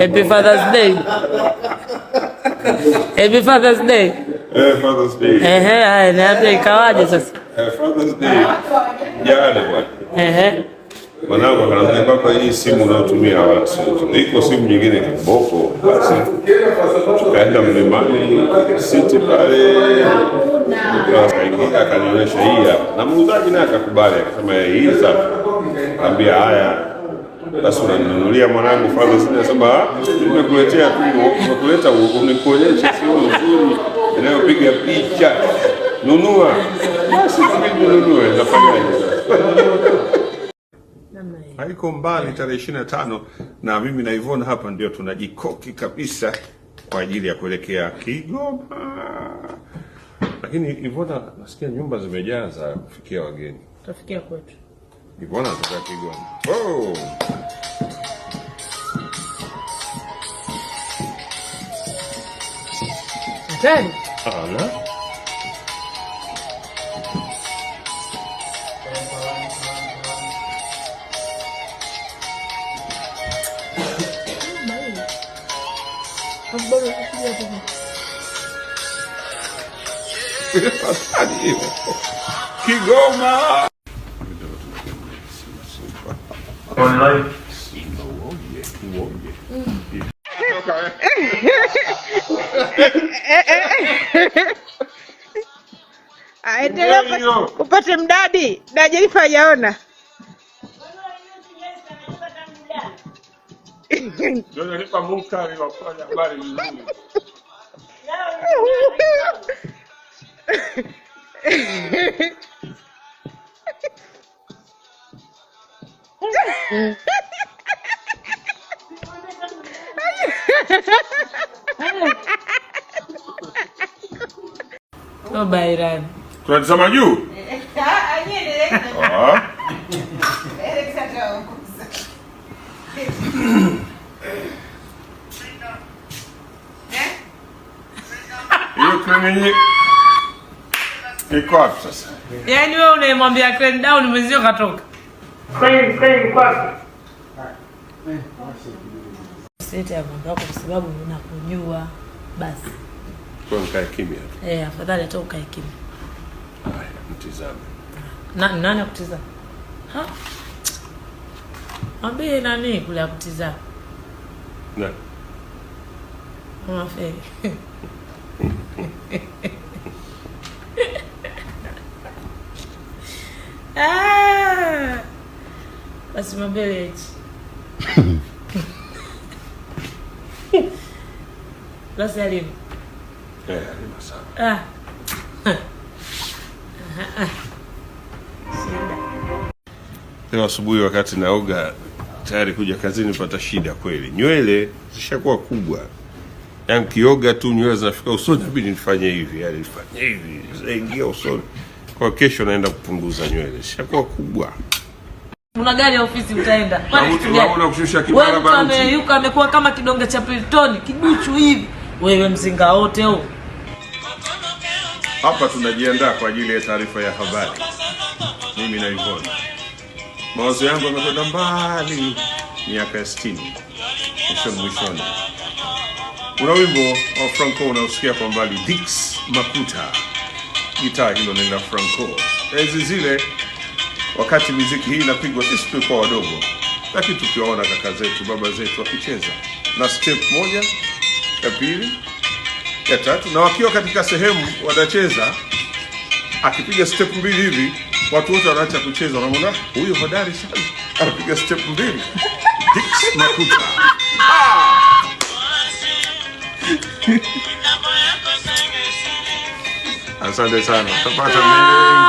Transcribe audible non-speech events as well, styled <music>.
Happy Father's Day. Happy Father's Day. Eh, Father's Day. Ehe, haya ni hapa ikawaje sasa? Eh, Father's Day. Jana bwana. Ehe. Mwanangu akaniambia baba, hii simu unayotumia wala sio. Iko simu nyingine kiboko basi. Tukaenda mlimani siti pale. Tukaingia akanionyesha hii hapa. Na muuzaji naye akakubali akasema eh, hii hapa. Ambia haya basi unamnunulia mwanangu nasema ah, nimekuletea tu, nakuleta nzuri inayopiga picha, nunua basi, nunue. Nafanyaje? haiko mbali, tarehe ishirini na tano na mimi na hapa ndio tunajikoki kabisa kwa ajili ya kuelekea Kigoma. Lakini Ivona, nasikia nyumba zimejaa za kufikia wageni. Tafikia kwetu Ivona, anatoka Kigoma. Oh. Good. Anna? Ang baro, ang sinabi niya. Pinapasad iyo. Kigoma! Online. Sigaw, oh yeah. Oh yeah. Okay. <laughs> Eh, eh, eh. aendelee ah, upate mdadi na Jenifa hajaona <laughs> No oh, bairani. Tunatazama juu? <laughs> Iko wapi sasa? Yaani wewe unamwambia crane down mwenzio katoka. Crane crane kwa sababu unakujua basi. Kwa nikae kimya. Eh, afadhali hata ukae kimya. Haya, mtizame. Na nani akutizama? Ha? Ambie nani kule akutizama? Na. Mama <laughs> Feri. Ah! Basi mabele eti. Basi alimu. Eh, Leo asubuhi wakati naoga tayari kuja kazini pata shida kweli, nywele zishakuwa kubwa, yaani kioga tu nywele zinafika usoni, inabidi nifanye hivi, yaani nifanye hivi, zaingia usoni. Kwa kesho naenda kupunguza nywele, zishakuwa kubwa. Una gari ya ofisi utaenda, amekuwa kama kidonge cha piltoni kibuchu hivi, wewe mzinga wote huo hapa tunajiandaa kwa ajili ya taarifa ya habari. Mimi na Ivona, mawazo yangu yamekwenda mbali miaka ya sitini mwishoni mwishoni. Una wimbo wa Franco unaosikia kwa mbali, Dix Makuta. Gitaa hilo ni la Franco. Enzi zile wakati miziki hii inapigwa, sisi tulikuwa wadogo, lakini tukiwaona kaka zetu, baba zetu wakicheza na step moja ya pili ya tatu, na wakiwa katika sehemu wanacheza, akipiga step mbili hivi watu wote wanaacha kucheza, wanaona huyo hodari sana, anapiga step mbili Makuta. Ah! <laughs> Asante sana, tapata mengi.